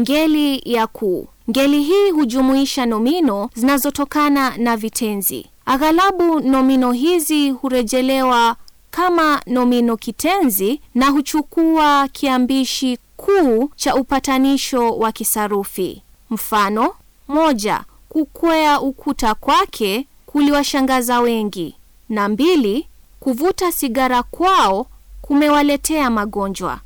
Ngeli ya ku. Ngeli hii hujumuisha nomino zinazotokana na vitenzi. Aghalabu nomino hizi hurejelewa kama nomino kitenzi na huchukua kiambishi kuu cha upatanisho wa kisarufi. Mfano: moja, kukwea ukuta kwake kuliwashangaza wengi, na mbili, kuvuta sigara kwao kumewaletea magonjwa.